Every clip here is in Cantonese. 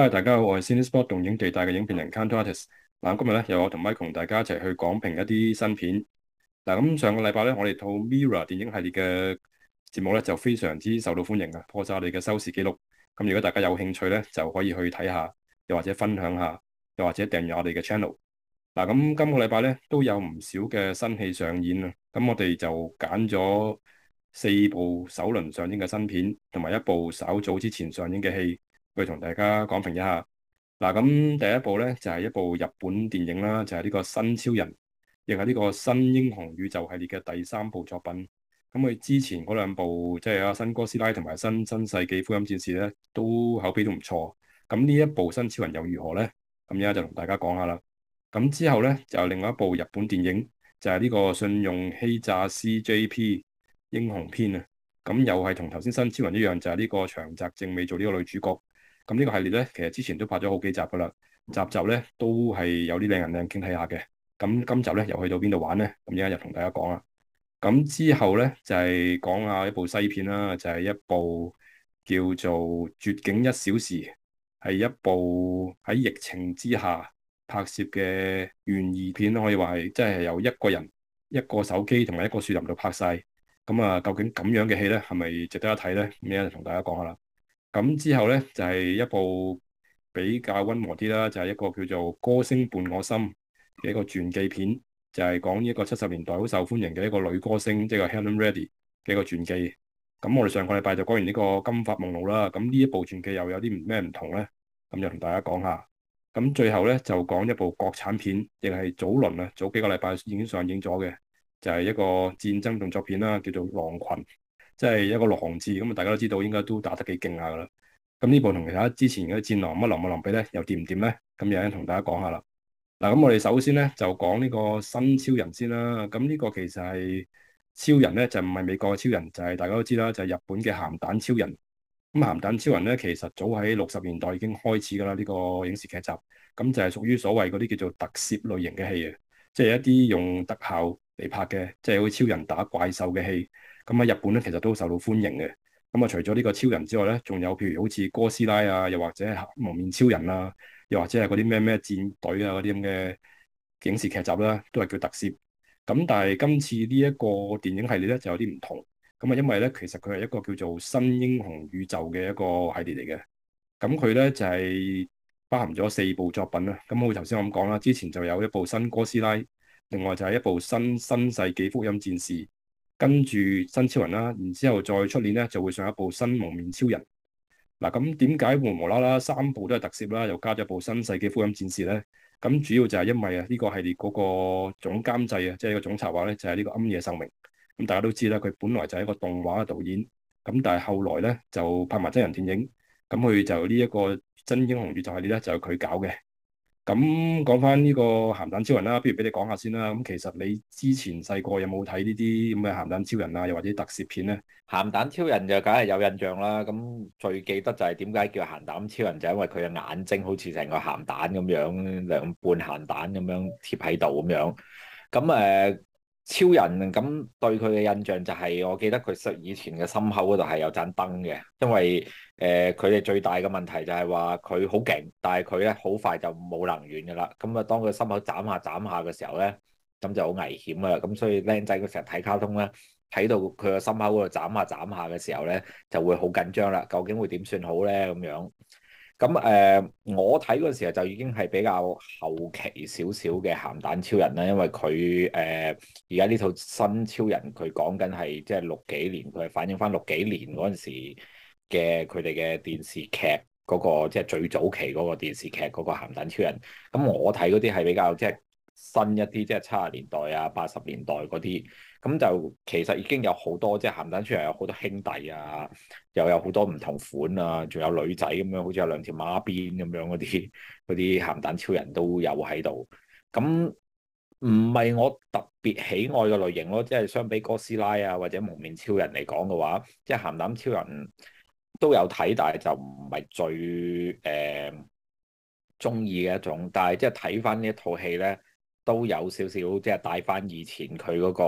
嗨，大家好，我係 Cinespot 動影地帶嘅影片人 Kantorates。嗱，今日咧，由我同 Mike 同大家一齊去廣評一啲新片。嗱，咁上個禮拜咧，我哋套 Mirror 電影系列嘅節目咧，就非常之受到歡迎啊，破晒我哋嘅收視紀錄。咁如果大家有興趣咧，就可以去睇下，又或者分享下，又或者訂閱我哋嘅 channel。嗱，咁今個禮拜咧，都有唔少嘅新戲上演啊。咁我哋就揀咗四部首輪上映嘅新片，同埋一部稍早之前上映嘅戲。去同大家講評一下嗱，咁第一部咧就係、是、一部日本電影啦，就係、是、呢、這個新超人，亦係呢個新英雄宇宙系列嘅第三部作品。咁佢之前嗰兩部即係啊新哥斯拉同埋新新世紀福音戰士咧，都口碑都唔錯。咁呢一部新超人又如何咧？咁而家就同大家講下啦。咁之後咧就另外一部日本電影就係、是、呢個信用欺詐師 JP 英雄篇啊。咁又係同頭先新超人一樣，就係、是、呢個長澤正美做呢個女主角。咁呢個系列咧，其實之前都拍咗好幾集噶啦，集集咧都係有啲靚人靚景睇下嘅。咁今集咧又去到邊度玩咧？咁而家又同大家講啦。咁之後咧就係講下一部西片啦，就係一部叫做《絕境一小時》，係一部喺疫情之下拍攝嘅懸疑片，可以話係真係由一個人一個手機同埋一個樹林度拍晒。咁啊，究竟咁樣嘅戲咧，係咪值得一睇咧？咁而家同大家講下啦。咁之後呢，就係一部比較溫和啲啦，就係一個叫做《歌聲伴我心》嘅一個傳記片，就係講一個七十年代好受歡迎嘅一個女歌星，即係 Helen Reddy 嘅一個傳記。咁我哋上個禮拜就講完呢個《金髮夢露》啦。咁呢一部傳記又有啲咩唔同呢？咁就同大家講下。咁最後呢，就講一部國產片，亦係早輪啊，早幾個禮拜已經上映咗嘅，就係一個戰爭動作片啦，叫做《狼群》。即係一個狼字，咁啊大家都知道，應該都打得幾勁下噶啦。咁呢部同其他之前嗰啲戰狼乜狼乜狼比咧，又掂唔掂咧？咁樣同大家講下啦。嗱，咁我哋首先咧就講呢個新超人先啦。咁呢個其實係超人咧就唔係美國嘅超人，就係大家都知啦，就係日本嘅鹹蛋超人。咁鹹蛋超人咧其實早喺六十年代已經開始噶啦呢個影視劇集，咁就係屬於所謂嗰啲叫做特攝類型嘅戲啊，即係一啲用特效嚟拍嘅，即係好似超人打怪獸嘅戲。咁喺、嗯、日本咧，其實都受到歡迎嘅。咁、嗯、啊，除咗呢個超人之外咧，仲有譬如好似哥斯拉啊，又或者蒙面超人啦、啊，又或者係嗰啲咩咩戰隊啊嗰啲咁嘅影視劇集啦，都係叫特攝。咁、嗯、但係今次呢一個電影系列咧就有啲唔同。咁、嗯、啊，因為咧其實佢係一個叫做新英雄宇宙嘅一個系列嚟嘅。咁佢咧就係、是、包含咗四部作品啦。咁、嗯、我頭先我咁講啦，之前就有一部新哥斯拉，另外就係一部新新世紀福音戰士。跟住新超人啦，然之後再出年咧就會上一部新蒙面超人嗱。咁點解無無啦啦三部都係特攝啦，又加咗部新世紀福音戰士咧？咁主要就係因為啊呢個系列嗰個總監製啊，即係個總策劃咧，就係呢個庵野秀明。咁大家都知啦，佢本來就係一個動畫嘅導演，咁但係後來咧就拍埋真人電影，咁佢就呢一個真英雄宇宙系列咧就係佢搞嘅。咁講翻呢個鹹蛋超人啦，不如俾你講下先啦。咁其實你之前細個有冇睇呢啲咁嘅鹹蛋超人啊？又或者特攝片咧？鹹蛋超人就梗係有印象啦。咁最記得就係點解叫鹹蛋超人，就係因為佢嘅眼睛好似成個鹹蛋咁樣，兩半鹹蛋咁樣貼喺度咁樣。咁誒。呃超人，咁對佢嘅印象就係、是，我記得佢以前嘅心口嗰度係有盞燈嘅，因為誒佢哋最大嘅問題就係話佢好勁，但係佢咧好快就冇能源噶啦，咁啊當佢心口斬下斬下嘅時候咧，咁就好危險啦，咁所以靚仔佢成日睇卡通咧，睇到佢個心口嗰度斬下斬下嘅時候咧，就會好緊張啦，究竟會點算好咧咁樣。咁誒、呃，我睇嗰陣時候就已經係比較後期少少嘅鹹蛋超人啦，因為佢誒而家呢套新超人佢講緊係即係六幾年，佢係反映返六幾年嗰陣時嘅佢哋嘅電視劇嗰、嗰個即係、即係、最早期嗰個電視劇嗰個鹹蛋超人。咁我睇嗰啲係比較即係新一啲，即係七十年代啊、八十年代嗰啲。咁就其實已經有好多即係鹹蛋超人，有好多兄弟啊，又有好多唔同款啊，仲有女仔咁樣，好似有兩條孖辮咁樣嗰啲啲鹹蛋超人都有喺度。咁唔係我特別喜愛嘅類型咯，即係相比哥斯拉啊或者蒙面超人嚟講嘅話，即係鹹蛋超人都有睇，但係就唔係最誒中意嘅一種。但係即係睇翻呢一套戲咧。都有少少即係帶翻以前佢嗰個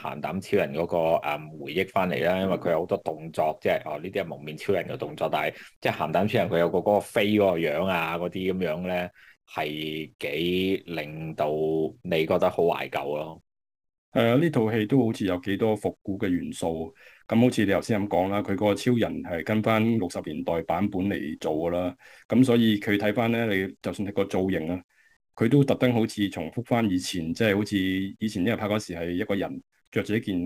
鹹蛋超人嗰、那個、嗯、回憶翻嚟啦，因為佢有好多動作，即係哦呢啲係蒙面超人嘅動作，但係即係鹹蛋超人佢有個嗰、那個飛嗰個樣啊，嗰啲咁樣咧係幾令到你覺得好懷舊咯。誒、呃，呢套戲都好似有幾多復古嘅元素，咁好似你頭先咁講啦，佢嗰個超人係跟翻六十年代版本嚟做噶啦，咁所以佢睇翻咧，你就算睇個造型啊。佢都特登好似重複翻以前，即係好似以前因為拍嗰時係一個人着住一件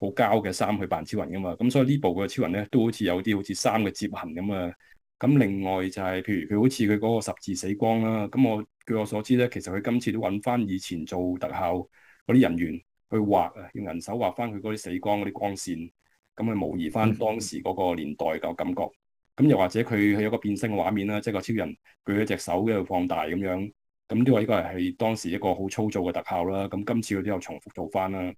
好膠嘅衫去扮超人㗎嘛。咁所以呢部嘅超人咧都好似有啲好似衫嘅折痕咁啊。咁另外就係譬如佢好似佢嗰個十字死光啦。咁我據我所知咧，其實佢今次都揾翻以前做特效嗰啲人員去畫啊，用人手畫翻佢嗰啲死光嗰啲光線，咁啊模擬翻當時嗰個年代嘅感覺。咁又或者佢係有個變身嘅畫面啦，即係個超人舉一隻手喺度放大咁樣。咁呢個依個係當時一個好粗糙嘅特效啦，咁今次佢都有重複做翻啦。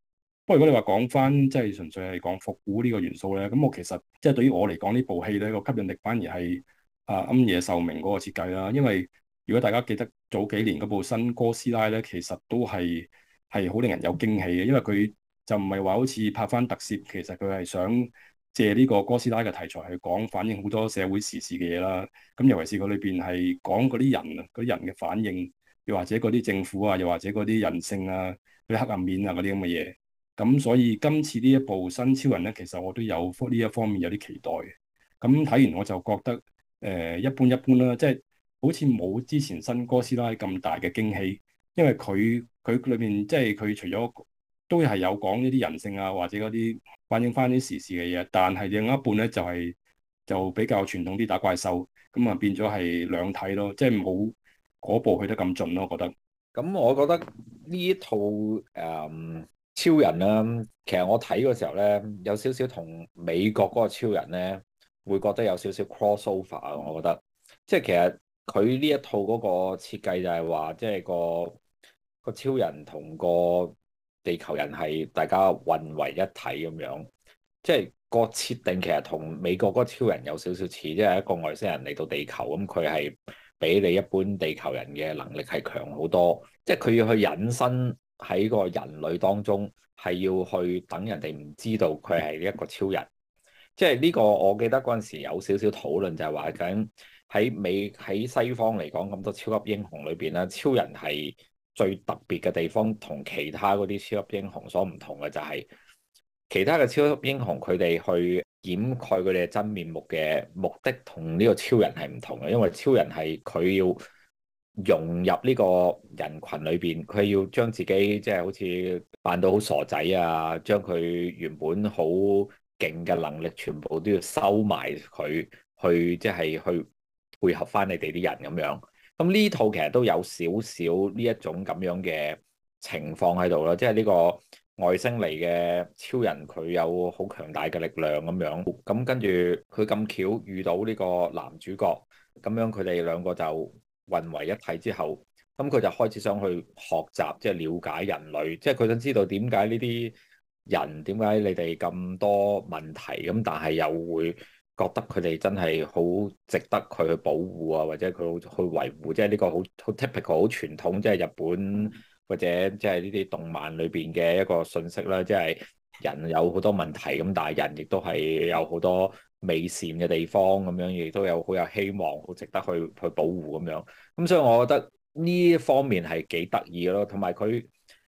不過如果你話講翻即係純粹係講復古呢個元素咧，咁我其實即係對於我嚟講呢部戲咧，個吸引力反而係啊庵野秀明嗰個設計啦，因為如果大家記得早幾年嗰部新哥斯拉咧，其實都係係好令人有驚喜嘅，因為佢就唔係話好似拍翻特攝，其實佢係想借呢個哥斯拉嘅題材去講反映好多社會時事嘅嘢啦。咁尤其是佢裏邊係講嗰啲人啊，嗰啲人嘅反應。又或者嗰啲政府啊，又或者嗰啲人性啊，嗰啲黑暗面啊，嗰啲咁嘅嘢，咁所以今次呢一部新超人咧，其實我都有呢一方面有啲期待嘅。咁睇完我就覺得誒、呃、一般一般啦，啊，即係好似冇之前新哥斯拉咁大嘅驚喜，因為佢佢裏邊即係佢除咗都係有講一啲人性啊，或者嗰啲反映翻啲時事嘅嘢，但係另一半咧就係、是、就比較傳統啲打怪獸，咁啊變咗係兩睇咯，即係冇。嗰部去得咁盡咯，我覺得。咁我覺得呢一套誒、嗯、超人啦。其實我睇嘅時候咧，有少少同美國嗰個超人咧，會覺得有少少 crossover。我覺得，即係其實佢呢一套嗰個設計就係話，即係個個超人同個地球人係大家混為一體咁樣，即係個設定其實同美國嗰個超人有少少似，即係一個外星人嚟到地球咁，佢、嗯、係。比你一般地球人嘅能力係強好多，即係佢要去隱身喺個人類當中，係要去等人哋唔知道佢係一個超人。即係呢個我記得嗰陣時有少少討論就係話緊喺美喺西方嚟講，咁多超級英雄裏邊啦，超人係最特別嘅地方，同其他嗰啲超級英雄所唔同嘅就係其他嘅超級英雄佢哋去。掩蓋佢哋真面目嘅目的同呢個超人係唔同嘅，因為超人係佢要融入呢個人群裏邊，佢要將自己即係、就是、好似扮到好傻仔啊，將佢原本好勁嘅能力全部都要收埋佢，去即係、就是、去配合翻你哋啲人咁樣。咁呢套其實都有少少呢一種咁樣嘅情況喺度咯，即係呢個。外星嚟嘅超人，佢有好強大嘅力量咁樣，咁跟住佢咁巧遇到呢個男主角，咁樣佢哋兩個就混為一體之後，咁佢就開始想去學習，即係了解人類，即係佢想知道點解呢啲人點解你哋咁多問題，咁但係又會覺得佢哋真係好值得佢去保護啊，或者佢去維護，即係呢個好好 typical 好傳統，即係日本。或者即係呢啲動漫裏邊嘅一個信息啦，即係人有好多問題咁，但係人亦都係有好多美善嘅地方咁樣，亦都有好有希望，好值得去去保護咁樣。咁所以我覺得呢一方面係幾得意咯，同埋佢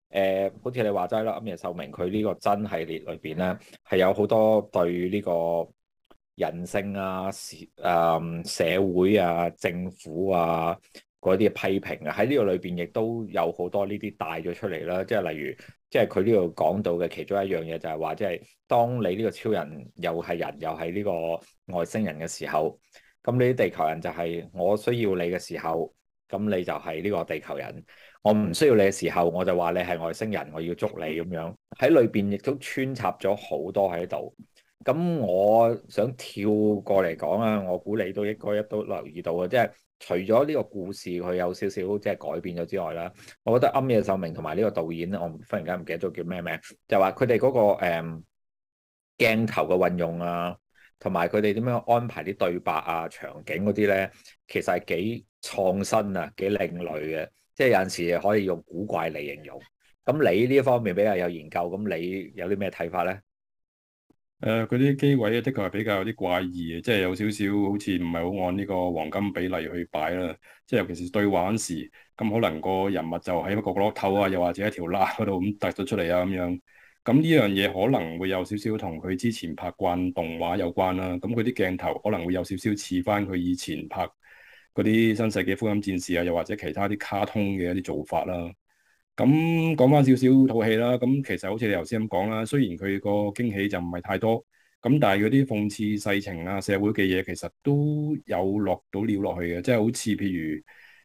誒，好似你話齋啦，庵野秀明佢呢個真系列裏邊咧，係有好多對呢個人性啊、社啊、社會啊、政府啊，嗰啲批評啊，喺呢個裏邊亦都有好多呢啲帶咗出嚟啦，即係例如，即係佢呢度講到嘅其中一樣嘢就係話，即係當你呢個超人又係人又係呢個外星人嘅時候，咁你啲地球人就係我需要你嘅時候，咁你就係呢個地球人；我唔需要你嘅時候，我就話你係外星人，我要捉你咁樣。喺裏邊亦都穿插咗好多喺度。咁我想跳過嚟講啊，我估你都應該一都留意到啊，即係除咗呢個故事佢有少少即係改變咗之外啦，我覺得庵野秀明同埋呢個導演咧，我忽然間唔記得咗叫咩名，就話佢哋嗰個誒、嗯、鏡頭嘅運用啊，同埋佢哋點樣安排啲對白啊、場景嗰啲咧，其實係幾創新啊、幾另類嘅，即係有陣時可以用古怪嚟形容。咁你呢一方面比較有研究，咁你有啲咩睇法咧？誒，佢啲、呃、機位咧的確係比較有啲怪異嘅，即係有少少好似唔係好按呢個黃金比例去擺啦。即係尤其是對話時，咁可能個人物就喺一個角落頭啊，又或者一條罅度咁突咗出嚟啊，咁樣。咁呢樣嘢可能會有少少同佢之前拍慣動畫有關啦。咁佢啲鏡頭可能會有少少似翻佢以前拍嗰啲新世紀福音戰士啊，又或者其他啲卡通嘅一啲做法啦、啊。咁、嗯、講翻少少套戲啦，咁、嗯、其實好似你頭先咁講啦，雖然佢個驚喜就唔係太多，咁、嗯、但係嗰啲諷刺世情啊、社會嘅嘢其實都有落到料落去嘅，即係好似譬如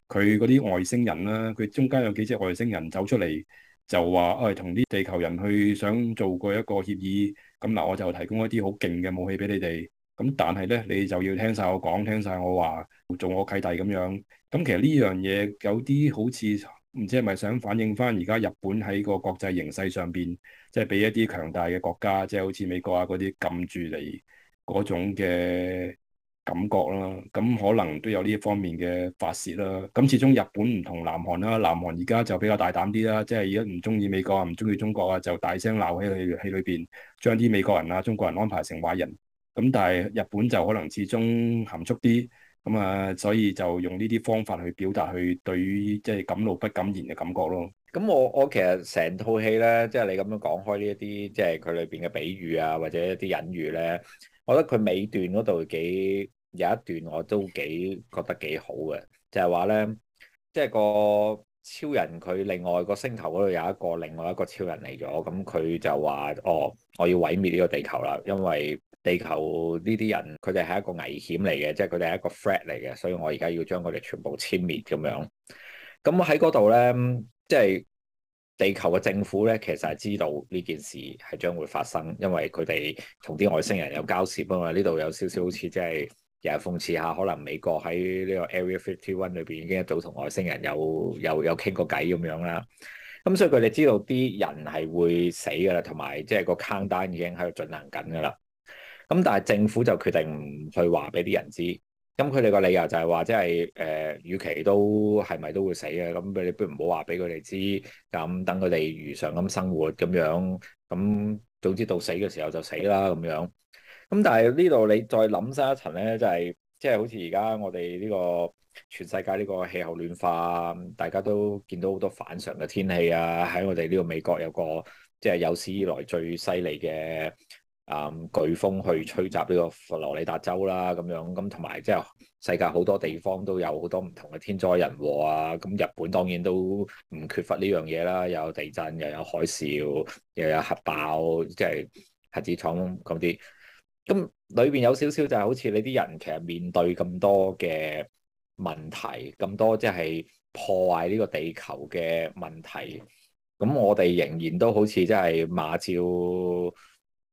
佢嗰啲外星人啦，佢中間有幾隻外星人走出嚟就話，誒同啲地球人去想做過一個協議，咁、嗯、嗱我就提供一啲好勁嘅武器俾你哋，咁、嗯、但係咧你就要聽晒我講，聽晒我話，做我契弟咁樣。咁、嗯、其實呢樣嘢有啲好似。唔知係咪想反映翻而家日本喺個國際形勢上邊，即係俾一啲強大嘅國家，即係好似美國啊嗰啲撳住嚟嗰種嘅感覺啦。咁可能都有呢一方面嘅發洩啦。咁始終日本唔同南韓啦，南韓而家就比較大膽啲啦，即係而家唔中意美國啊，唔中意中國啊，就大聲鬧喺佢喺裏邊，將啲美國人啊、中國人安排成壞人。咁但係日本就可能始終含蓄啲。咁啊、嗯，所以就用呢啲方法去表達，佢對於即係敢怒不敢言嘅感覺咯。咁我我其實成套戲咧，即係你咁樣講開呢一啲，即係佢裏邊嘅比喻啊，或者一啲隱喻咧，我覺得佢尾段嗰度幾有一段我都幾覺得幾好嘅，就係話咧，即係個。超人佢另外個星球嗰度有一個另外一個超人嚟咗，咁佢就話：哦，我要毀滅呢個地球啦，因為地球呢啲人佢哋係一個危險嚟嘅，即係佢哋係一個 threat 嚟嘅，所以我而家要將佢哋全部殲滅咁樣。咁喺嗰度咧，即係地球嘅政府咧，其實係知道呢件事係將會發生，因為佢哋同啲外星人有交涉啊嘛，呢度有少少好似即係。又係諷刺下，可能美國喺呢個 Area Fifty One 裏邊已經一早同外星人有有有傾過偈咁樣啦。咁所以佢哋知道啲人係會死㗎啦，同埋即係個 countdown 已經喺度進行緊㗎啦。咁但係政府就決定唔去話俾啲人知。咁佢哋個理由就係話，即係誒，與其都係咪都會死嘅，咁佢哋不如唔好話俾佢哋知。咁等佢哋如常咁生活咁樣，咁總之到死嘅時候就死啦咁樣。咁但係呢度你再諗深一層咧，就係即係好似而家我哋呢個全世界呢個氣候暖化，大家都見到好多反常嘅天氣啊，喺我哋呢個美國有個即係、就是、有史以來最犀利嘅啊颶風去吹襲呢個佛羅里達州啦，咁樣咁同埋即係世界好多地方都有好多唔同嘅天災人禍啊，咁日本當然都唔缺乏呢樣嘢啦，又有地震又有，有海嘯又有，有核爆，即、就、係、是、核子廠嗰啲。咁裏邊有少少就係好似你啲人其實面對咁多嘅問題，咁多即係破壞呢個地球嘅問題，咁我哋仍然都好似即係馬照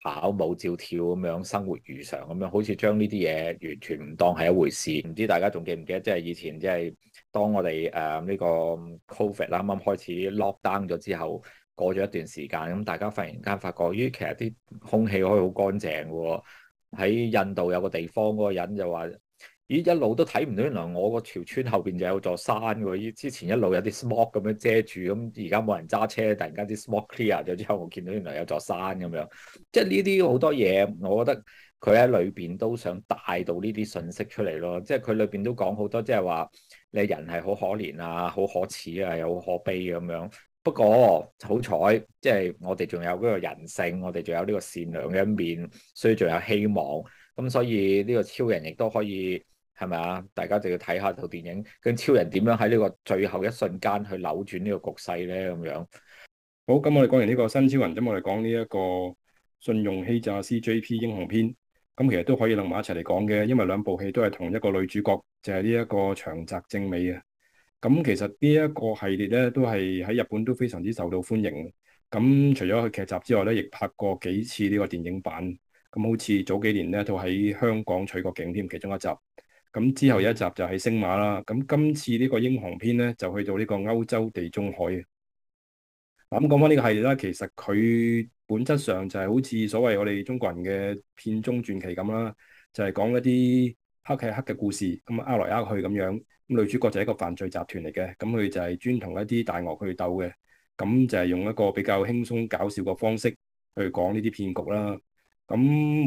跑，舞照跳咁樣生活如常咁樣，好似將呢啲嘢完全唔當係一回事。唔知大家仲記唔記得，即係以前即係當我哋誒呢個 covid 啱啱開始 lock down 咗之後。過咗一段時間，咁大家忽然間發覺，咦，其實啲空氣可以好乾淨嘅喎。喺印度有個地方，嗰、那個人就話：咦，一路都睇唔到，原來我個條村後邊就有座山嘅喎。咦，之前一路有啲 smog 咁樣遮住，咁而家冇人揸車，突然間啲 smog clear 咗之後，我見到原來有座山咁樣。即係呢啲好多嘢，我覺得佢喺裏邊都想帶到呢啲信息出嚟咯。即係佢裏邊都講好多，即係話你人係好可憐啊，好可恥啊，又好可悲咁、啊、樣。不過好彩，即係我哋仲有呢個人性，我哋仲有呢個善良嘅一面，所以仲有希望。咁所以呢個超人亦都可以係咪啊？大家就要睇下套電影，究竟超人點樣喺呢個最後一瞬間去扭轉呢個局勢咧咁樣。好，咁我哋講完呢個新超人，咁我哋講呢一個信用欺詐師 JP 英雄篇，咁其實都可以諗埋一齊嚟講嘅，因為兩部戲都係同一個女主角，就係呢一個長澤正美啊。咁其實呢一個系列咧，都係喺日本都非常之受到歡迎嘅。咁除咗佢劇集之外咧，亦拍過幾次呢個電影版。咁好似早幾年咧，都喺香港取過景添，其中一集。咁之後有一集就喺星馬啦。咁今次呢個英雄篇咧，就去到呢個歐洲地中海嘅。咁講翻呢個系列啦，其實佢本質上就係好似所謂我哋中國人嘅片中傳奇咁啦，就係、是、講一啲。黑嘅黑嘅故事，咁呃呃嚟呃去咁樣，咁女主角就係一個犯罪集團嚟嘅，咁佢就係專同一啲大鱷去鬥嘅，咁就係用一個比較輕鬆搞笑嘅方式去講呢啲騙局啦。咁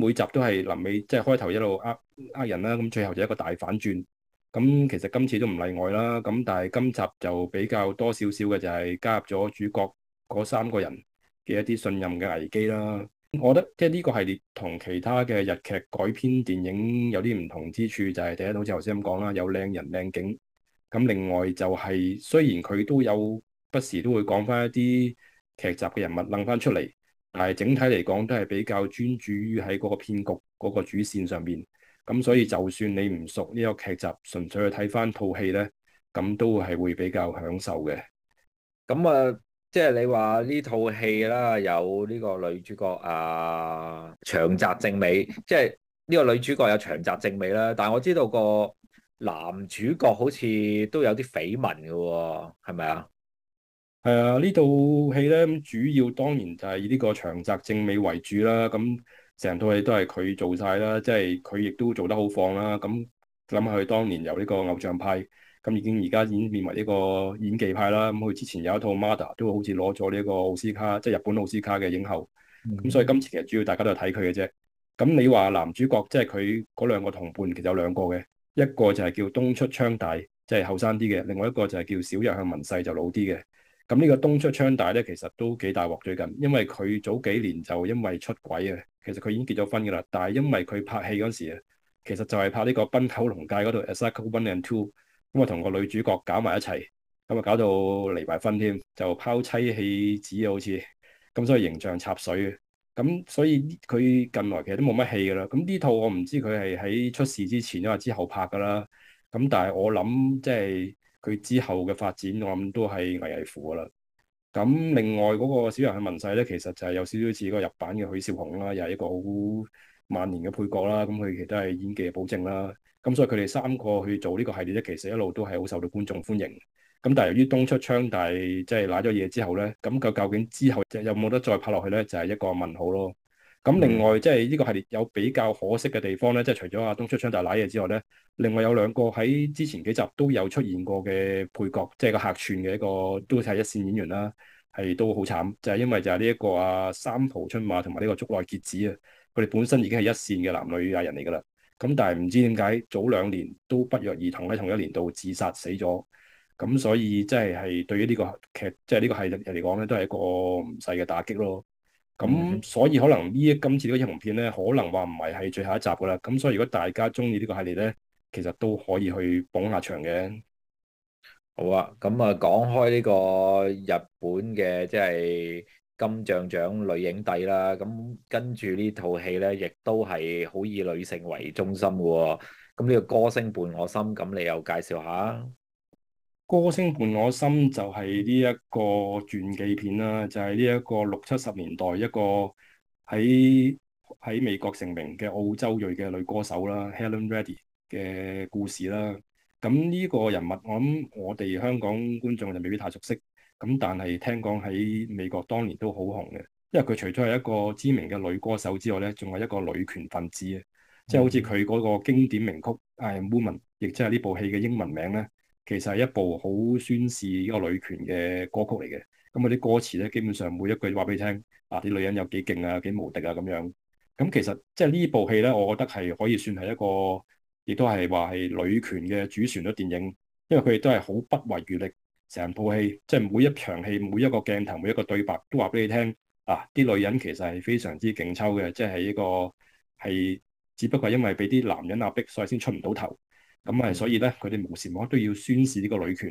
每集都係臨尾即係開頭一路呃呃人啦，咁最後就一個大反轉。咁其實今次都唔例外啦。咁但係今集就比較多少少嘅，就係加入咗主角嗰三個人嘅一啲信任嘅危機啦。我覺得即係呢個系列同其他嘅日劇改編電影有啲唔同之處，就係第一，好似頭先咁講啦，有靚人靚景。咁另外就係雖然佢都有不時都會講翻一啲劇集嘅人物掹翻出嚟，但係整體嚟講都係比較專注於喺嗰個騙局嗰個主線上面。咁所以就算你唔熟呢個劇集，純粹去睇翻套戲咧，咁都係會比較享受嘅。咁啊～即係你話呢套戲啦，有呢個女主角啊長澤正美，即係呢個女主角有長澤正美啦，但係我知道個男主角好似都有啲緋聞嘅，係咪啊？係啊，呢套戲咧，主要當然就係以呢個長澤正美為主啦，咁成套戲都係佢做晒啦，即係佢亦都做得好放啦，咁諗下佢當年由呢個偶像派。咁已經而家演變為呢個演技派啦。咁佢之前有一套《Mother》都好似攞咗呢個奧斯卡，即係日本奧斯卡嘅影后。咁、mm hmm。所以今次其實主要大家都係睇佢嘅啫。咁你話男主角即係佢嗰兩個同伴，其實有兩個嘅，一個就係叫東出昌大，即係後生啲嘅，另外一個就係叫小日向文世，就老啲嘅。咁呢個東出昌大咧，其實都幾大鑊最近，因為佢早幾年就因為出軌啊，其實佢已經結咗婚噶啦，但係因為佢拍戲嗰陣時啊，其實就係拍呢個《奔口龍界》嗰度《Attack One and Two》。咁啊同個女主角搞埋一齊，咁啊搞到離埋婚添，就拋妻棄子啊好似，咁所以形象插水，咁所以佢近來其實都冇乜戲噶啦。咁呢套我唔知佢係喺出事之前又係之後拍噶啦，咁但係我諗即係佢之後嘅發展，我諗都係危危乎噶啦。咁另外嗰個小日向文世咧，其實就係有少少似嗰個日版嘅許紹雄啦，又係一個好。萬年嘅配角啦，咁佢其實都係演技嘅保證啦。咁所以佢哋三個去做呢個系列咧，其實一路都係好受到觀眾歡迎。咁但係由於東出昌大即係瀨咗嘢之後咧，咁個究竟之後即有冇得再拍落去咧，就係一個問號咯。咁另外即係呢個系列有比較可惜嘅地方咧，即係除咗阿東出昌大瀨嘢之外咧，另外有兩個喺之前幾集都有出現過嘅配角，即係個客串嘅一個，都係一線演員啦，係都好慘。就係因為就係呢一個阿三浦春馬同埋呢個竹內結子啊。佢哋本身已經係一線嘅男女藝人嚟噶啦，咁但係唔知點解早兩年都不約而同喺同一年度自殺死咗，咁所以即係係對於呢個劇即係呢個系列嚟講咧，都係一個唔細嘅打擊咯。咁所以可能呢一、嗯、今次個呢個英雄片咧，可能話唔係係最後一集噶啦。咁所以如果大家中意呢個系列咧，其實都可以去捧下場嘅。好啊，咁、嗯、啊，講開呢個日本嘅即係。金像獎女影帝啦，咁跟住呢套戲呢，亦都係好以女性為中心喎。咁呢個《歌聲伴我心》，咁你又介紹下？《歌聲伴我心》就係呢一個傳記片啦，就係呢一個六七十年代一個喺喺美國成名嘅澳洲裔嘅女歌手啦，Helen Reddy 嘅故事啦。咁呢個人物，我諗我哋香港觀眾就未必太熟悉。咁、嗯、但係聽講喺美國當年都好紅嘅，因為佢除咗係一個知名嘅女歌手之外咧，仲係一個女權分子啊！即係好似佢嗰個經典名曲《I Am Woman》，亦即係呢部戲嘅英文名咧，其實係一部好宣示一個女權嘅歌曲嚟嘅。咁佢啲歌詞咧，基本上每一句都話俾你聽，啊啲女人有幾勁啊，幾無敵啊咁樣。咁、嗯、其實即係呢部戲咧，我覺得係可以算係一個，亦都係話係女權嘅主旋律電影，因為佢哋都係好不遺餘力。成套戲即係每一場戲、每一個鏡頭、每一個對白都話俾你聽啊！啲女人其實係非常之勁抽嘅，即係一個係只不過因為俾啲男人壓迫，所以先出唔到頭。咁係所以咧，佢哋無時無刻都要宣示呢個女權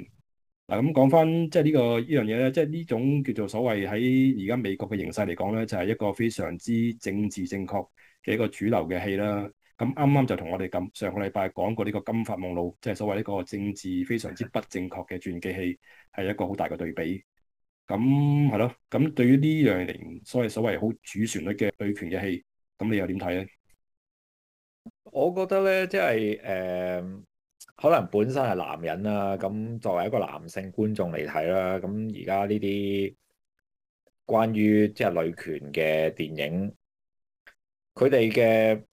嗱。咁、啊、講翻即係呢個呢樣嘢咧，即係呢、這個這個這個、種叫做所謂喺而家美國嘅形勢嚟講咧，就係、是、一個非常之政治正確嘅一個主流嘅戲啦。咁啱啱就同我哋咁上個禮拜講過呢個《金髮夢露》，即係所謂呢個政治非常之不正確嘅傳記戲，係一個好大嘅對比。咁係咯，咁對於呢樣所謂所謂好主旋律嘅女權嘅戲，咁你又點睇咧？我覺得咧，即係誒，可能本身係男人啦，咁作為一個男性觀眾嚟睇啦，咁而家呢啲關於即係女權嘅電影，佢哋嘅。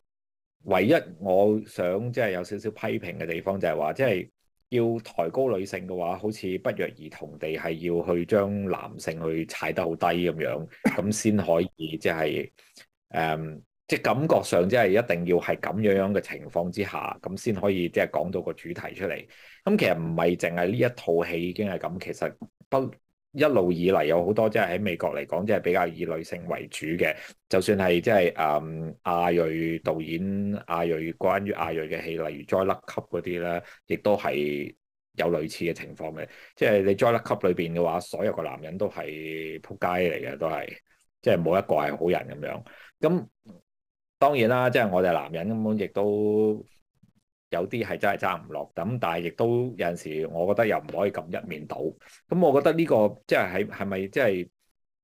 唯一我想即係有少少批評嘅地方就係話，即係要抬高女性嘅話，好似不約而同地係要去將男性去踩得好低咁樣，咁先可以即係誒，即、嗯即係、感覺上即係一定要係咁樣樣嘅情況之下，咁先可以即係講到個主題出嚟。咁其實唔係淨係呢一套戲已經係咁，其實不。一路以嚟有好多即係喺美國嚟講，即係比較以女性為主嘅。就算係即係誒亞裔導演、亞裔關於亞裔嘅戲，例如《災甩級》嗰啲咧，亦都係有類似嘅情況嘅。即係你《災甩級》裏邊嘅話，所有個男人都係撲街嚟嘅，都係即係冇一個係好人咁樣。咁當然啦，即係我哋男人根本亦都。有啲係真係爭唔落，咁但係亦都有陣時，我覺得又唔可以咁一面倒。咁我覺得呢個即係喺係咪即係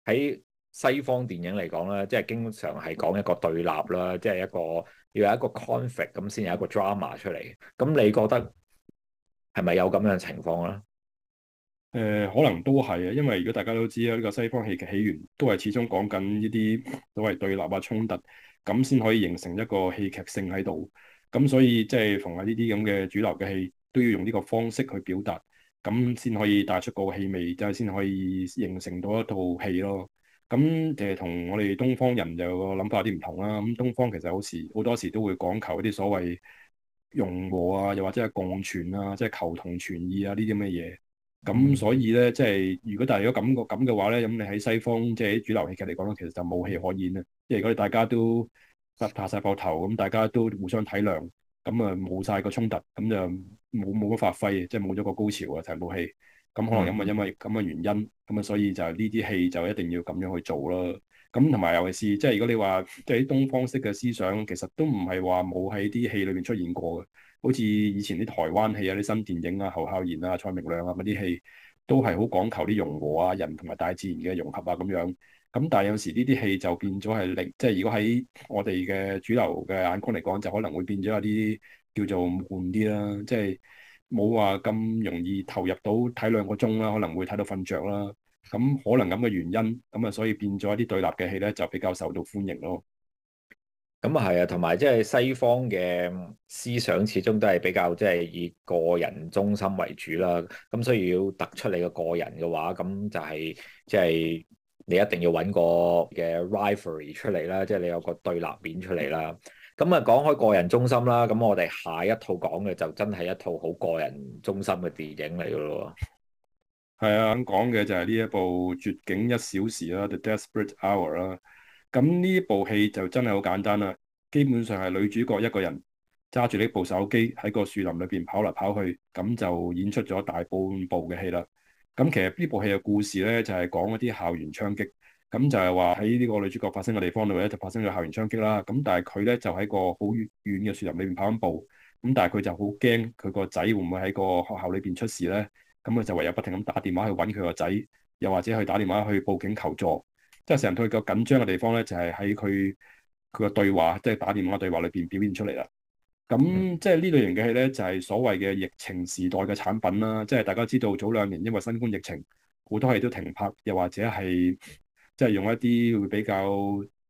喺西方電影嚟講咧，即係經常係講一個對立啦，即係一個要有一個 conflict 咁先有一個 drama 出嚟。咁你覺得係咪有咁樣嘅情況咧？誒，可能都係啊，因為如果大家都知啊，呢個西方戲劇起源都係始終講緊呢啲都係對立啊衝突，咁先可以形成一個戲劇性喺度。咁所以即係逢喺呢啲咁嘅主流嘅戲，都要用呢個方式去表達，咁先可以帶出個氣味，就係先可以形成到一套戲咯。咁誒同我哋東方人就有個諗法有啲唔同啦。咁東方其實有時好多時都會講求一啲所謂融和啊，又或者係共存啊，即係求同存異啊呢啲咁嘅嘢。咁所以咧，即係如果大家如果感覺咁嘅話咧，咁你喺西方即係主流戲劇嚟講咧，其實就冇戲可演啦。即係我哋大家都，拍晒個頭咁，大家都互相體諒，咁啊冇晒個衝突，咁就冇冇咗發揮，即係冇咗個高潮啊！成部戲咁可能因為因為咁嘅原因，咁啊所以就呢啲戲就一定要咁樣去做囉。咁同埋尤其是即係如果你話即係啲東方式嘅思想，其實都唔係話冇喺啲戲裏面出現過嘅。好似以前啲台灣戲啊、啲新電影啊、侯孝賢啊、蔡明亮啊啲戲，都係好講求啲融合啊、融合啊、人同埋大自然嘅融合啊咁樣。咁但係有時呢啲戲就變咗係零，即係如果喺我哋嘅主流嘅眼光嚟講，就可能會變咗有啲叫做悶啲啦，即係冇話咁容易投入到睇兩個鐘啦，可能會睇到瞓着啦。咁可能咁嘅原因，咁啊所以變咗一啲對立嘅戲咧，就比較受到歡迎咯。咁啊係啊，同埋即係西方嘅思想始終都係比較即係以個人中心為主啦。咁所以要突出你嘅個人嘅話，咁就係即係。即係你一定要揾個嘅 rivalry 出嚟啦，即係你有個對立面出嚟啦。咁啊，講開個人中心啦，咁我哋下一套講嘅就真係一套好個人中心嘅電影嚟咯。係啊，講嘅就係呢一部《絕境一小時》啦，《The Desperate Hour》啦。咁呢部戲就真係好簡單啦，基本上係女主角一個人揸住呢部手機喺個樹林裏邊跑嚟跑去，咁就演出咗大半部嘅戲啦。咁其實呢部戲嘅故事咧，就係講一啲校園槍擊。咁就係話喺呢個女主角發生嘅地方度咧，就發生咗校園槍擊啦。咁但係佢咧就喺個好遠嘅樹林裏面跑緊步。咁但係佢就好驚，佢個仔會唔會喺個學校裏邊出事咧？咁佢就唯有不停咁打電話去揾佢個仔，又或者去打電話去報警求助。即係成套嘅緊張嘅地方咧，就係喺佢佢個對話，即係打電話對話裏邊表現出嚟啦。咁即係呢類型嘅戲咧，就係、是、所謂嘅疫情時代嘅產品啦。即係大家知道，早兩年因為新冠疫情，好多戲都停拍，又或者係即係用一啲會比較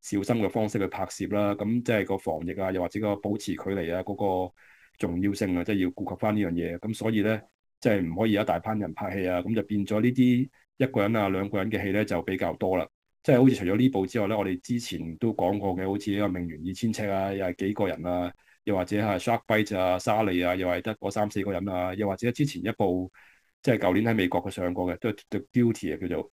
小心嘅方式去拍攝啦。咁、嗯、即係個防疫啊，又或者個保持距離啊，嗰、那個重要性啊，即係要顧及翻呢樣嘢。咁所以咧，即係唔可以有一大班人拍戲啊。咁就變咗呢啲一個人啊、兩個人嘅戲咧，就比較多啦。即係好似除咗呢部之外咧，我哋之前都講過嘅，好似呢個《命懸二千尺》啊，又係幾個人啊。又或者係 Shark Bites 啊、沙利啊，又係得嗰三四個人啊。又或者之前一部即係舊年喺美國佢上過嘅，都係叫 Duty 啊叫做。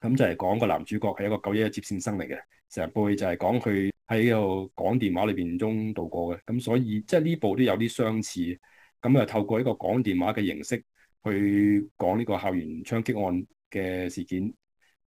咁就係講個男主角係一個九一一接線生嚟嘅，成輩就係講佢喺度講電話裏邊中度過嘅。咁所以即係呢部都有啲相似。咁啊透過一個講電話嘅形式去講呢個校園槍擊案嘅事件。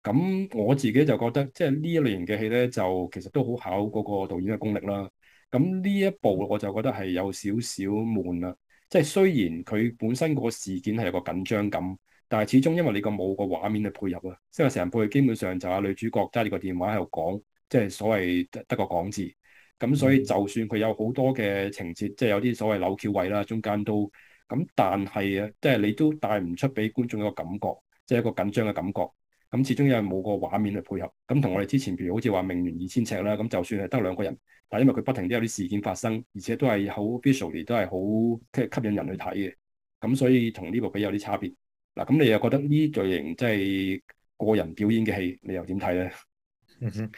咁我自己就覺得即係呢一類型嘅戲咧，就其實都好考嗰個導演嘅功力啦。咁呢一部我就覺得係有少少悶啦。即係雖然佢本身個事件係有個緊張感，但係始終因為你個冇個畫面去配合，啊，即係成日配基本上就係女主角揸住個電話喺度講，即係所謂得個講字咁，所以就算佢有好多嘅情節，即係有啲所謂扭橋位啦，中間都咁，但係啊，即係你都帶唔出俾觀眾一個感覺，即係一個緊張嘅感覺。咁始終又冇個畫面去配合，咁同我哋之前譬如好似話《命懸2000呎》啦，咁就算係得兩個人，但係因為佢不停都有啲事件發生，而且都係好 visual 嚟，都係好即係吸引人去睇嘅。咁所以同呢部比有啲差別。嗱，咁你又覺得呢類型即係個人表演嘅戲，你又點睇咧？Mm hmm.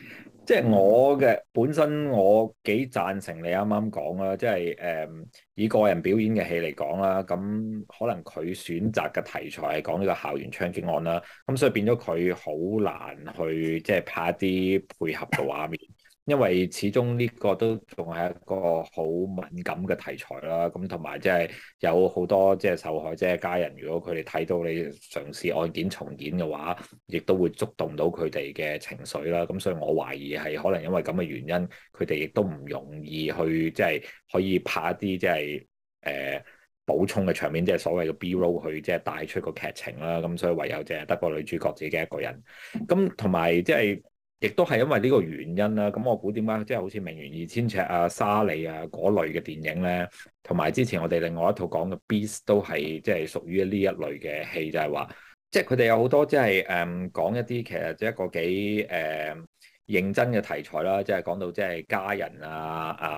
即係我嘅本身，我幾贊成你啱啱講啦，即係誒、呃、以個人表演嘅戲嚟講啦，咁可能佢選擇嘅題材係講呢個校園槍擊案啦，咁所以變咗佢好難去即係拍一啲配合嘅畫面。因為始終呢個都仲係一個好敏感嘅題材啦，咁同埋即係有好多即係受害者家人，如果佢哋睇到你嘗試案件重演嘅話，亦都會觸動到佢哋嘅情緒啦。咁所以我懷疑係可能因為咁嘅原因，佢哋亦都唔容易去即係可以拍一啲即係誒補充嘅場面，即係所謂嘅 B-roll 去即係帶出個劇情啦。咁所以唯有淨係得個女主角自己一個人。咁同埋即係。亦都係因為呢個原因啦，咁我估點解即係好似《命懸二千尺》啊、沙啊《沙莉》啊嗰類嘅電影咧，同埋之前我哋另外一套講嘅《Beast》都係即係屬於呢一類嘅戲，就係、是、話，即係佢哋有好多即係誒講一啲其實即係一個幾誒、嗯、認真嘅題材啦，即、就、係、是、講到即係家人啊啊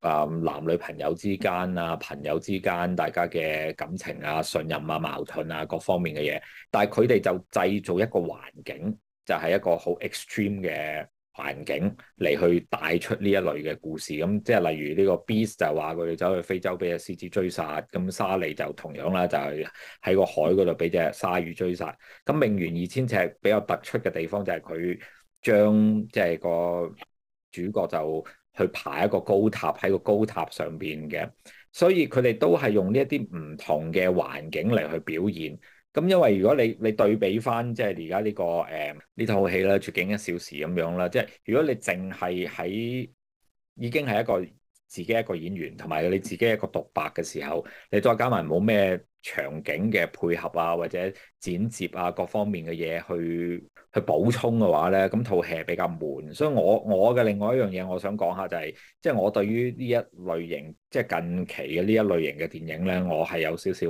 啊、嗯、男女朋友之間啊、朋友之間大家嘅感情啊、信任啊、矛盾啊各方面嘅嘢，但係佢哋就製造一個環境。就係一個好 extreme 嘅環境嚟去帶出呢一類嘅故事，咁即係例如呢個 Beast 就話佢哋走去非洲俾隻獅子追殺，咁沙利就同樣啦，就係喺個海嗰度俾隻鯊魚追殺。咁命懸二千呎比較突出嘅地方就係佢將即係個主角就去爬一個高塔，喺個高塔上邊嘅，所以佢哋都係用呢一啲唔同嘅環境嚟去表現。咁因為如果你你對比翻即係而家呢個誒呢套戲啦《絕境一小時》咁樣啦，即係如果你淨係喺已經係一個。自己一個演員同埋你自己一個獨白嘅時候，你再加埋冇咩場景嘅配合啊，或者剪接啊各方面嘅嘢去去補充嘅話咧，咁套戲比較悶。所以我我嘅另外一樣嘢我想講下就係，即係我對於呢一類型即係近期嘅呢一類型嘅電影咧，我係有少少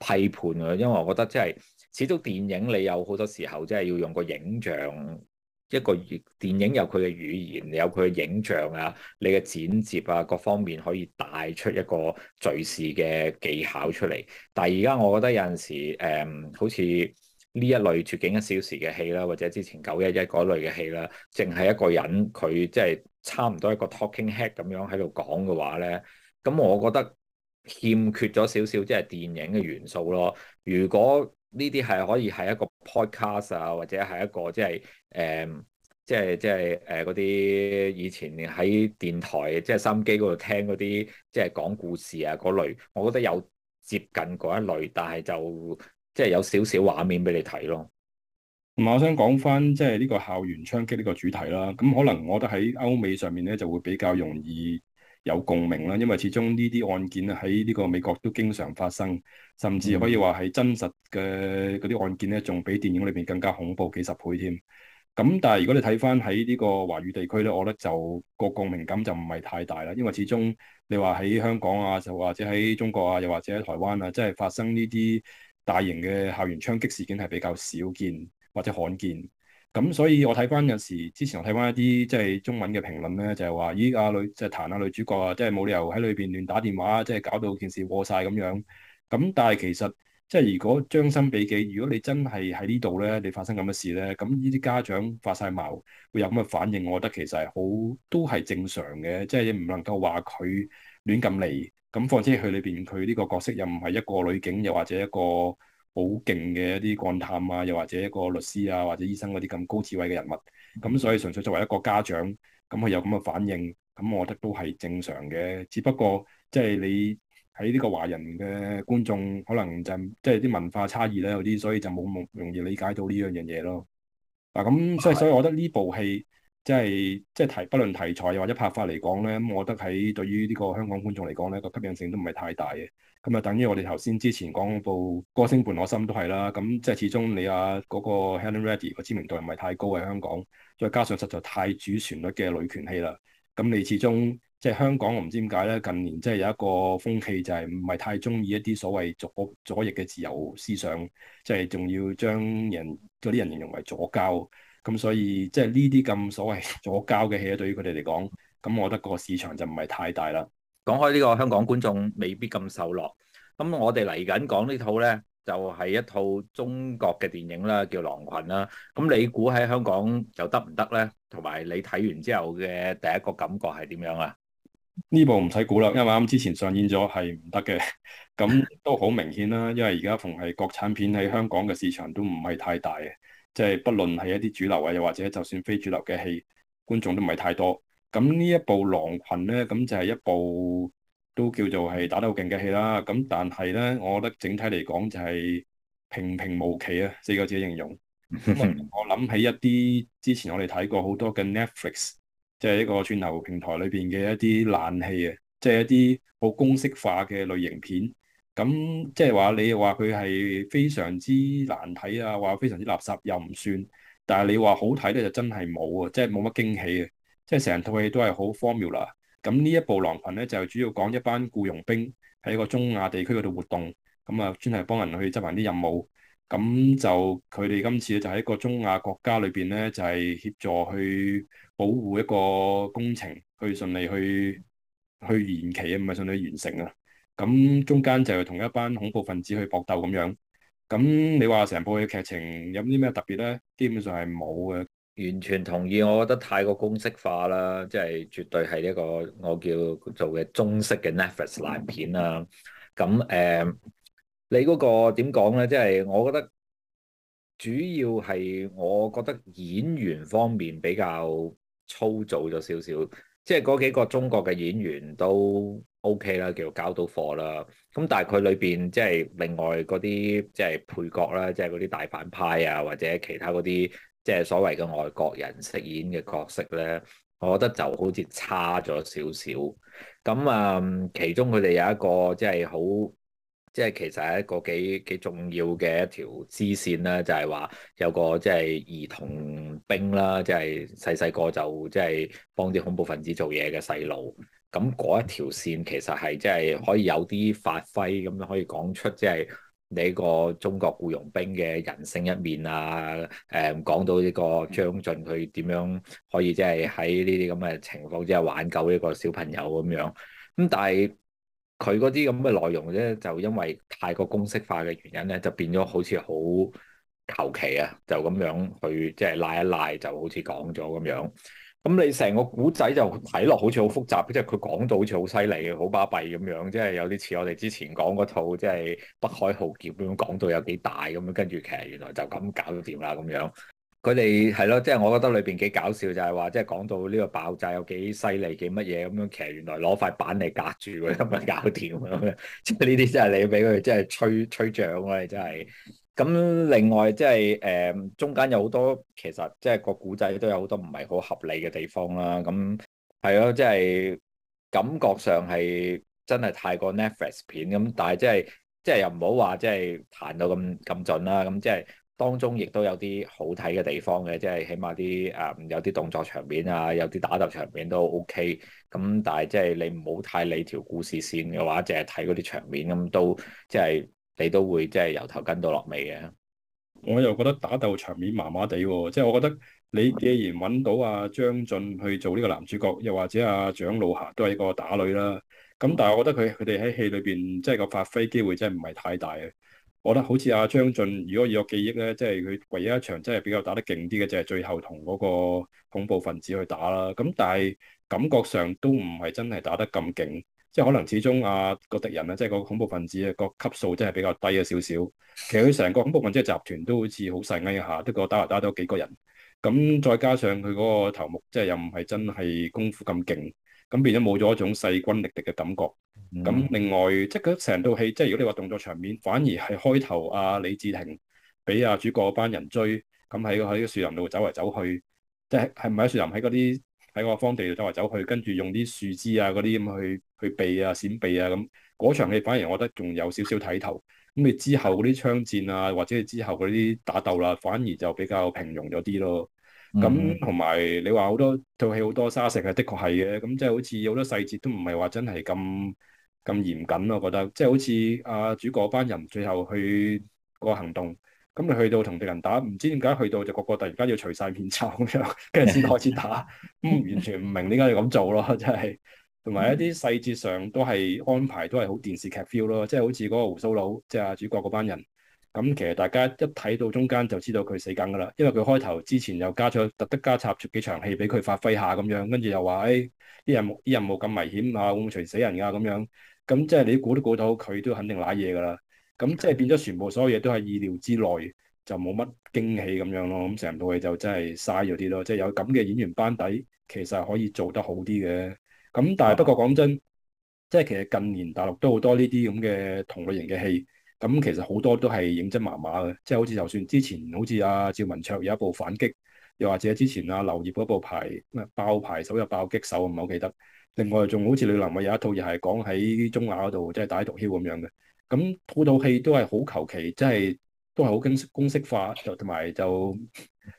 批判嘅，因為我覺得即係始終電影你有好多時候即係要用個影像。一個電影有佢嘅語言，有佢嘅影像啊，你嘅剪接啊，各方面可以帶出一個敘事嘅技巧出嚟。但係而家我覺得有陣時，誒、嗯、好似呢一類絕境一小時嘅戲啦，或者之前九一一嗰類嘅戲啦，淨係一個人佢即係差唔多一個 talking head 咁樣喺度講嘅話咧，咁我覺得欠缺咗少少即係電影嘅元素咯。如果呢啲係可以係一個 podcast 啊，或者係一個即係誒，即係即係誒嗰啲以前喺電台即係收音機嗰度聽嗰啲即係講故事啊嗰類，我覺得有接近嗰一類，但係就即係、就是、有少少畫面俾你睇咯。同埋我想講返即係呢個校園槍擊呢個主題啦，咁可能我覺得喺歐美上面咧就會比較容易。有共鳴啦，因為始終呢啲案件喺呢個美國都經常發生，甚至可以話係真實嘅嗰啲案件咧，仲比電影裏邊更加恐怖幾十倍添。咁但係如果你睇翻喺呢個華語地區咧，我覺得就個共鳴感就唔係太大啦，因為始終你話喺香港啊，就或者喺中國啊，又或者喺台灣啊，即係發生呢啲大型嘅校園槍擊事件係比較少見或者罕見。咁所以，我睇翻有時之前我睇翻一啲即係中文嘅評論咧，就係話咦，阿、啊、女即係彈下女主角啊，即係冇理由喺裏邊亂打電話，即係搞到件事禍晒咁樣。咁但係其實即係如果將心比己，如果你真係喺呢度咧，你發生咁嘅事咧，咁呢啲家長發晒嬲，會有咁嘅反應，我覺得其實係好都係正常嘅，即係你唔能夠話佢亂咁嚟。咁況且佢裏邊佢呢個角色又唔係一個女警，又或者一個。好勁嘅一啲幹探啊，又或者一個律師啊，或者醫生嗰啲咁高智慧嘅人物，咁所以純粹作為一個家長，咁佢有咁嘅反應，咁我覺得都係正常嘅。只不過即係、就是、你喺呢個華人嘅觀眾，可能就即係啲文化差異咧，有啲所以就冇咁容易理解到呢樣嘢咯。嗱咁，所以所以我覺得呢部戲。即係即係，題不論題材又或者拍法嚟講咧，我覺得喺對於呢個香港觀眾嚟講咧，個吸引性都唔係太大嘅。咁啊，等於我哋頭先之前講部《歌聲伴我心》都係啦。咁即係始終你啊嗰個 Helen Reddy 個知名度唔係太高喺香港，再加上實在太主旋律嘅女權戲啦。咁你始終即係香港我唔知點解咧，近年即係有一個風氣就係唔係太中意一啲所謂左左翼嘅自由思想，即係仲要將人嗰啲人形容為左膠。咁所以即係呢啲咁所謂左膠嘅戲咧，對於佢哋嚟講，咁我覺得個市場就唔係太大啦。講開呢、這個香港觀眾未必咁受落。咁我哋嚟緊講呢套咧，就係、是、一套中國嘅電影啦，叫《狼群》啦。咁你估喺香港又得唔得咧？同埋你睇完之後嘅第一個感覺係點樣啊？呢部唔使估啦，因為啱啱之前上演咗係唔得嘅，咁 都好明顯啦。因為而家逢係國產片喺香港嘅市場都唔係太大嘅。即係不論係一啲主流啊，又或者就算非主流嘅戲，觀眾都唔係太多。咁呢一部狼群咧，咁就係一部都叫做係打得好勁嘅戲啦。咁但係咧，我覺得整體嚟講就係平平無奇啊四個字形容。 我諗起一啲之前我哋睇過好多嘅 Netflix，即係一個串流平台裏邊嘅一啲爛戲啊，即係一啲好公式化嘅類型片。咁即係話你話佢係非常之難睇啊，話非常之垃圾又唔算，但係你話好睇咧就真係冇啊，即係冇乜驚喜啊，即係成套戲都係好 formula。咁呢一部狼群咧就主要講一班僱傭兵喺一個中亞地區嗰度活動，咁啊專係幫人去執行啲任務。咁就佢哋今次咧就喺一個中亞國家裏邊咧就係、是、協助去保護一個工程，去順利去去延期啊，唔係順利去完成啊。咁中間就係同一班恐怖分子去搏鬥咁樣，咁你話成部嘅劇情有啲咩特別咧？基本上係冇嘅，完全同意。我覺得太過公式化啦，即係絕對係一個我叫做嘅中式嘅 Netflix 爛片啊。咁誒，uh, 你嗰個點講咧？即係我覺得主要係我覺得演員方面比較粗糙咗少少，即係嗰幾個中國嘅演員都。O.K. 啦，叫做交到貨啦。咁但係佢裏邊即係另外嗰啲即係配角啦，即係嗰啲大反派啊，或者其他嗰啲即係所謂嘅外國人飾演嘅角色咧，我覺得就好似差咗少少。咁啊，其中佢哋有一個即係好，即係其實係一個幾幾重要嘅一條支線啦，就係話有個即係兒童兵啦，即係細細個就即係幫啲恐怖分子做嘢嘅細路。咁嗰一條線其實係即係可以有啲發揮，咁可以講出即係你個中國僱傭兵嘅人性一面啊！誒，講到呢個張晉佢點樣可以即係喺呢啲咁嘅情況之下挽救呢個小朋友咁樣。咁但係佢嗰啲咁嘅內容咧，就因為太過公式化嘅原因咧，就變咗好似好求其啊，就咁樣去即係拉一拉就好似講咗咁樣。咁你成個古仔就睇落好似好複雜，即係佢講到好似好犀利、好巴閉咁樣，即係有啲似我哋之前講嗰套，即係《北海浩劫》咁講到有幾大咁樣，跟住其實原來就咁搞掂啦咁樣。佢哋係咯，即係我覺得裏邊幾搞笑，就係話即係講到呢個爆炸有幾犀利、幾乜嘢咁樣，其實原來攞塊板嚟隔住佢，咁樣搞掂咁樣。即係呢啲真係你俾佢即係吹吹脹啊！你真係。吹咁另外即係誒，中間有好多其實即係個古仔都有好多唔係好合理嘅地方啦。咁係咯，即係感覺上係真係太過 Netflix 片咁，但係即係即係又唔好話即係彈到咁咁準啦。咁即係當中亦都有啲好睇嘅地方嘅，即係起碼啲誒有啲動作場面啊，有啲打鬥場面都 OK。咁但係即係你唔好太理條故事線嘅話，淨係睇嗰啲場面咁都即係。你都會即係由頭跟到落尾嘅。我又覺得打鬥場面麻麻地喎，即係我覺得你既然揾到阿、啊、張晉去做呢個男主角，又或者阿、啊、蔣璐霞都係一個打女啦。咁但係我覺得佢佢哋喺戲裏邊即係個發揮機會真係唔係太大嘅。我覺得好似阿、啊、張晉，如果以我記憶咧，即係佢唯一一場真係比較打得勁啲嘅，就係、是、最後同嗰個恐怖分子去打啦。咁但係感覺上都唔係真係打得咁勁。即係可能始終啊、嗰個敵人咧，即係個恐怖分子啊個級數真係比較低啊少少。其實佢成個恐怖分子集團都好似好細埃下，一個打來打去都幾個人。咁再加上佢嗰個頭目，即係又唔係真係功夫咁勁。咁變咗冇咗一種勢均力敵嘅感覺。咁、嗯、另外即係佢成套戲，即係如果你話動作場面，反而係開頭啊李治廷俾阿主角班人追，咁喺喺樹林度走嚟走去，即係係唔係喺樹林喺嗰啲。喺個荒地度走嚟走去，跟住用啲樹枝啊嗰啲咁去去避啊、閃避啊咁。嗰場戲反而我覺得仲有少少睇頭。咁你之後嗰啲槍戰啊，或者你之後嗰啲打鬥啦、啊，反而就比較平庸咗啲咯。咁同埋你話好多套戲好多沙石啊，的確係嘅。咁即係好似好多細節都唔係話真係咁咁嚴謹咯、啊，我覺得即係好似阿、啊、主角班人最後去個行動。咁你去到同敵人打，唔知點解去到就個個突然間要除晒面罩咁樣，跟住先開始打，咁完全唔明點解要咁做咯，真係。同埋一啲細節上都係安排都係好電視劇 feel 咯，即係好似嗰個胡鬚佬，即係主角嗰班人。咁其實大家一睇到中間就知道佢死梗㗎啦，因為佢開頭之前又加咗特登加插幾場戲俾佢發揮下咁樣，跟住又話誒啲任務啲任務咁危險啊，會唔會除死人㗎、啊、咁樣？咁即係你估都估到，佢都肯定瀨嘢㗎啦。咁即係變咗，全部所有嘢都係意料之內，就冇乜驚喜咁樣咯。咁成套戲就真係嘥咗啲咯。即係有咁嘅演員班底，其實可以做得好啲嘅。咁但係不過講真，即係其實近年大陸都好多呢啲咁嘅同類型嘅戲。咁其實好多都係認真麻麻嘅。即係好似就算之前，好似阿趙文卓有一部《反擊》，又或者之前阿劉燁嗰部牌咩《爆牌手》又《爆擊手》唔係好記得。另外仲好似李南偉有一套，又係講喺中亞嗰度，即係打毒梟咁樣嘅。咁套套戲都係好求其，即係都係好公式公式化，就同埋就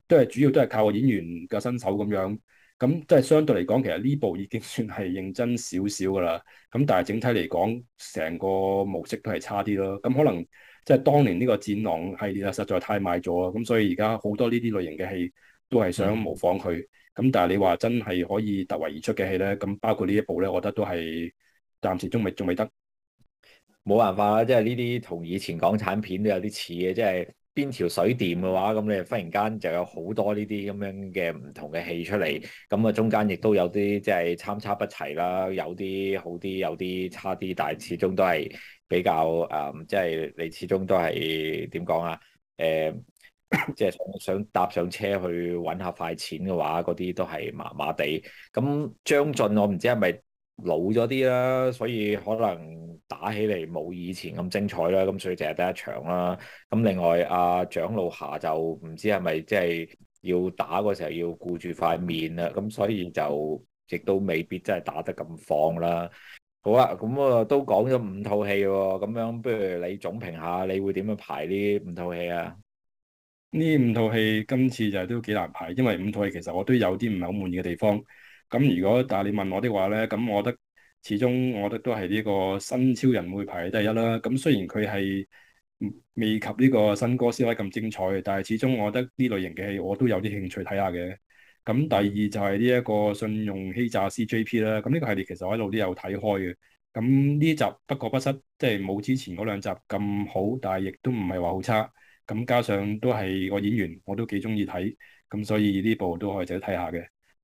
都係主要都係靠演員嘅身手咁樣。咁即係相對嚟講，其實呢部已經算係認真少少噶啦。咁但係整體嚟講，成個模式都係差啲咯。咁可能即係當年呢個《戰狼》系列啊，實在太賣咗，咁所以而家好多呢啲類型嘅戲都係想模仿佢。咁、嗯、但係你話真係可以突圍而出嘅戲咧，咁包括呢一部咧，我覺得都係暫時仲未仲未得。冇辦法啦，即係呢啲同以前港產片都有啲似嘅，即係邊條水掂嘅話，咁你忽然間就有好多呢啲咁樣嘅唔同嘅戲出嚟，咁、那、啊、個、中間亦都有啲即係參差不齊啦，有啲好啲，有啲差啲，但係始終都係比較誒，即、呃、係、就是、你始終都係點講啊？誒、呃，即、就、係、是、想搭上車去揾下快錢嘅話，嗰啲都係麻麻地。咁張晉我唔知係咪？老咗啲啦，所以可能打起嚟冇以前咁精彩啦，咁所以淨係得一場啦。咁另外阿蔣璐霞就唔知係咪即係要打嗰時候要顧住塊面啦，咁所以就亦都未必真係打得咁放啦。好啊，咁啊都講咗五套戲，咁樣，不如你總評下，你會點樣排呢五套戲啊？呢五套戲今次就係都幾難排，因為五套戲其實我都有啲唔係好滿意嘅地方。咁如果但係你問我的話咧，咁我覺得始終我覺得都係呢個新超人會排第一啦。咁雖然佢係未及呢個新哥斯拉咁精彩，但係始終我覺得呢類型嘅戲我都有啲興趣睇下嘅。咁第二就係呢一個信用欺詐師 JP 啦。咁呢個系列其實我一路都有睇開嘅。咁呢集不過不失，即係冇之前嗰兩集咁好，但係亦都唔係話好差。咁加上都係個演員，我都幾中意睇。咁所以呢部都可以值得睇下嘅。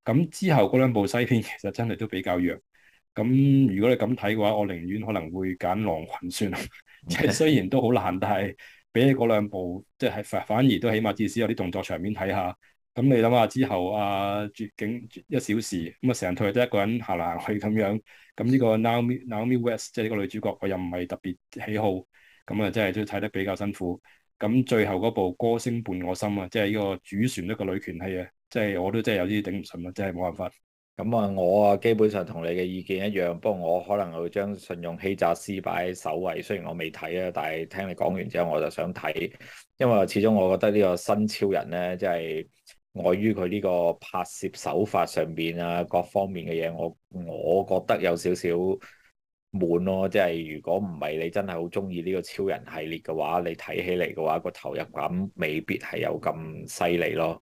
咁之後嗰兩部西片其實真係都比較弱。咁如果你咁睇嘅話，我寧願可能會揀《狼群》算，即係雖然都好難，但係比起嗰兩部即係反反而都起碼至少有啲動作場面睇下。咁你諗下之後啊，《絕境一小時》咁啊成套都一個人行嚟行去咁樣。咁呢個 Naomi Naomi Watts 即係呢個女主角，我又唔係特別喜好。咁啊真係都睇得比較辛苦。咁最後嗰部《歌聲伴我心》啊，即係呢個主旋律嘅女權戲啊。即係我都真係有啲頂唔順咯，真係冇辦法。咁啊，我啊基本上同你嘅意見一樣，不過我可能會將《信用欺詐師》擺喺首位。雖然我未睇啊，但係聽你講完之後，我就想睇。因為始終我覺得呢個新超人咧，即係礙於佢呢個拍攝手法上邊啊，各方面嘅嘢，我我覺得有少少悶咯。即係如果唔係你真係好中意呢個超人系列嘅話，你睇起嚟嘅話，個投入感未必係有咁犀利咯。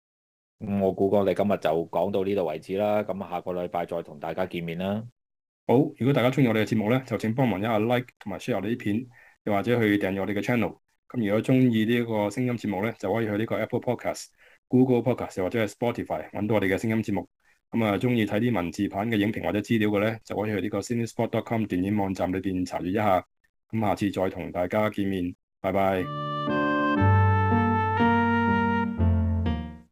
我估過，你今日就講到呢度為止啦。咁下個禮拜再同大家見面啦。好，如果大家中意我哋嘅節目咧，就請幫忙一下 like 同埋 share 呢啲片，又或者去訂閱我哋嘅 channel。咁如果中意呢個聲音節目咧，就可以去呢個 Apple Podcast、Google Podcast，又或者係 Spotify 搵到我哋嘅聲音節目。咁啊，中意睇啲文字版嘅影評或者資料嘅咧，就可以去呢個 Cinespot.com 電影網站裏邊查閱一下。咁下次再同大家見面，拜拜。